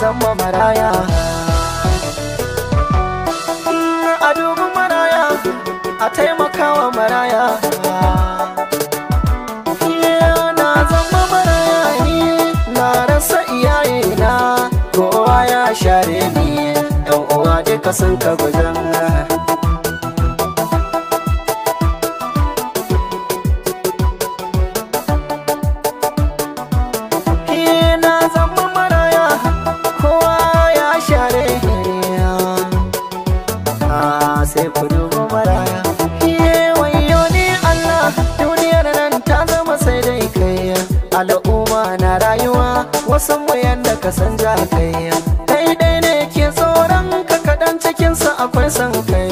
zama mm, maraya a taimakawa maraya mm, na zama maraya ni na rasa iyaye iyayena kowa ya share ni yan uwa duka sun ka guji san mu yanda ka san ja kai daidai ne ke tsoron ka kaɗan cikinsa akwai san kai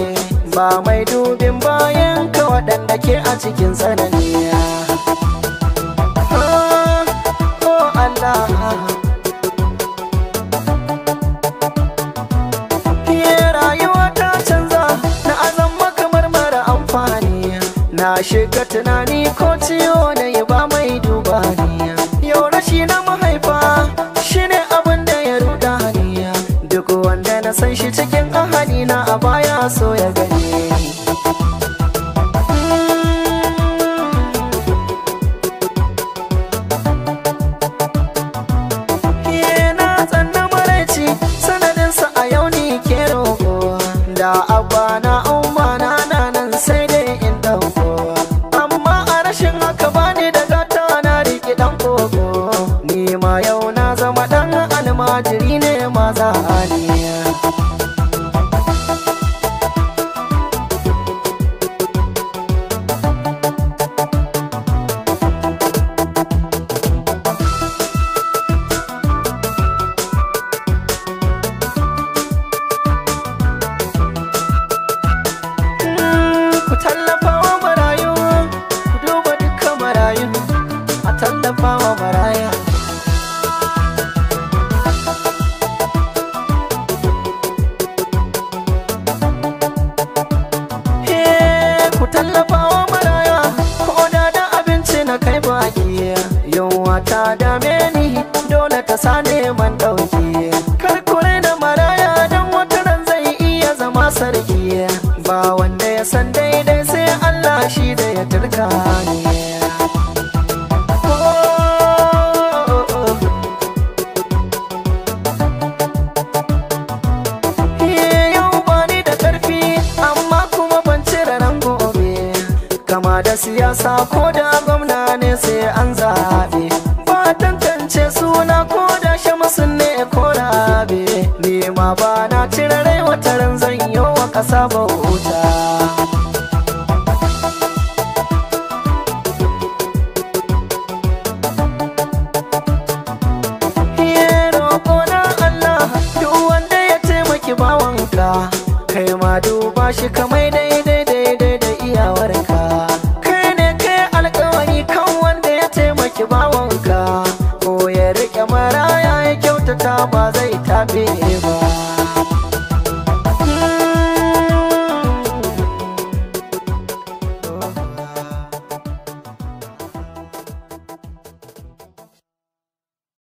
ba mai dubin bayan ka waɗanda ke a cikin sananiya ah, oh amfani. Na shiga tunani ko ciwo na yi ba mai duba yau rashi na mahaifi yana so ya gani Yana sanadinsa a yau ni ke da abu tallafa wa baraya eh, ku tallafawa wa baraya ko da da abinci na kai giya, yawa ta dame ni dole ta sa neman ɗauki ku da maraya don wata zai iya zama sarki ba wanda ya san daidai sai Allah shi da ya turka ni zama da siyasa ko da gwamna ne sai an zaɓe ba tantance suna ko da shamsun ne ko rabe ne ma ba na cire wata ran zan yi wa ƙasa bauta bawanka kai ma duba shi kamar ta was.